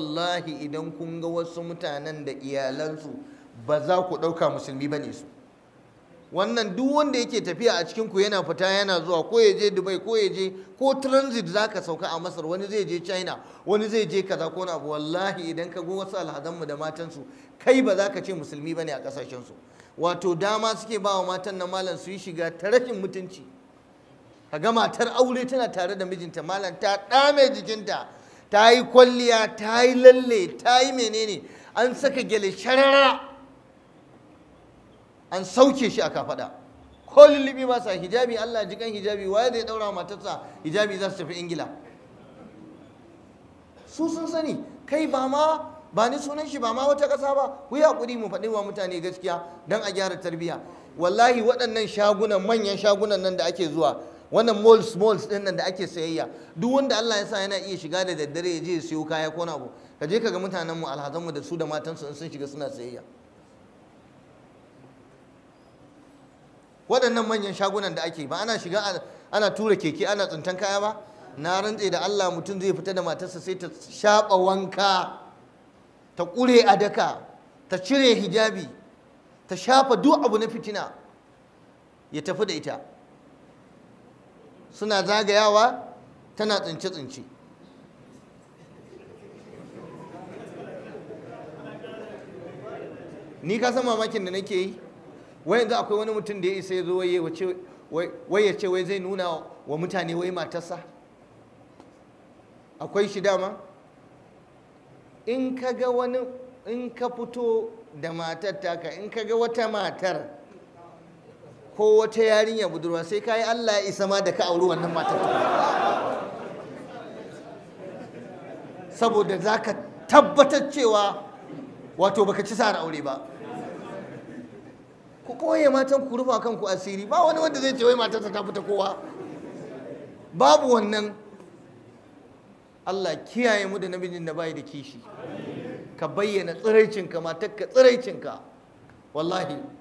wallahi idan kun ga wasu mutanen da iyalansu ba za ku ɗauka musulmi ba ne su wannan duk wanda yake tafiya a cikinku yana fita yana zuwa ko ya je dubai ko ya je ko transit za ka sauka a masar wani zai je china wani zai je kaza ko na wallahi idan ka ga wasu alhazanmu da matansu kai ba za ka ce musulmi ba ne a ƙasashensu wato dama suke ba wa matan na malam su yi shiga ta rashin mutunci ka ga matar aure tana tare da mijinta malam ta ɗame jikinta ta yi kwalliya ta yi lalle ta yi menene an saka gyale sharara an sauke shi a kafaɗa ko lullubi ba sa hijabi Allah jikan hijabi waye zai ɗaura matarsa hijabi za su tafi ingila su sun sani kai ba ma ba ni sunan shi ba ma wata ƙasa ba ku yi haƙuri mu faɗi wa mutane gaskiya don a gyara tarbiyya wallahi waɗannan shagunan manyan shagunan nan da ake zuwa wannan malls malls din nan da ake sayayya duk wanda Allah ya sa yana iya shiga da daddare ya je ya siyo kaya ko na abu ka je ka ga mutanen mu alhazan mu da su da matan su sun shiga suna sayayya waɗannan manyan shagunan da ake ba ana shiga ana tura keke ana tsintan kaya ba na rantse da Allah mutum zai fita da matarsa sai ta shaɓa wanka ta kure a daka ta cire hijabi ta shafa duk abu na fitina ya tafi da ita suna zagayawa tana tsince-tsince ni ka san mamakin da nake yi wai yanzu akwai wani mutum da ya isa ya zo wai ya ce wai zai nuna wa mutane wai matarsa akwai shi dama in ka ga wani in ka fito da matar taka in ka ga wata matar ko wata yarinya budurwa sai ka yi Allah ya isa ma da ka auri wannan matar saboda za ka tabbatar cewa wato baka ci sa'ar aure ba ku koye matan ku rufa kanku asiri ba wani wanda zai ce wai matarsa ta fita kowa babu wannan Allah kiyaye mu da namijin da bai da kishi ka bayyana tsiraicinka matar tsiraicinka wallahi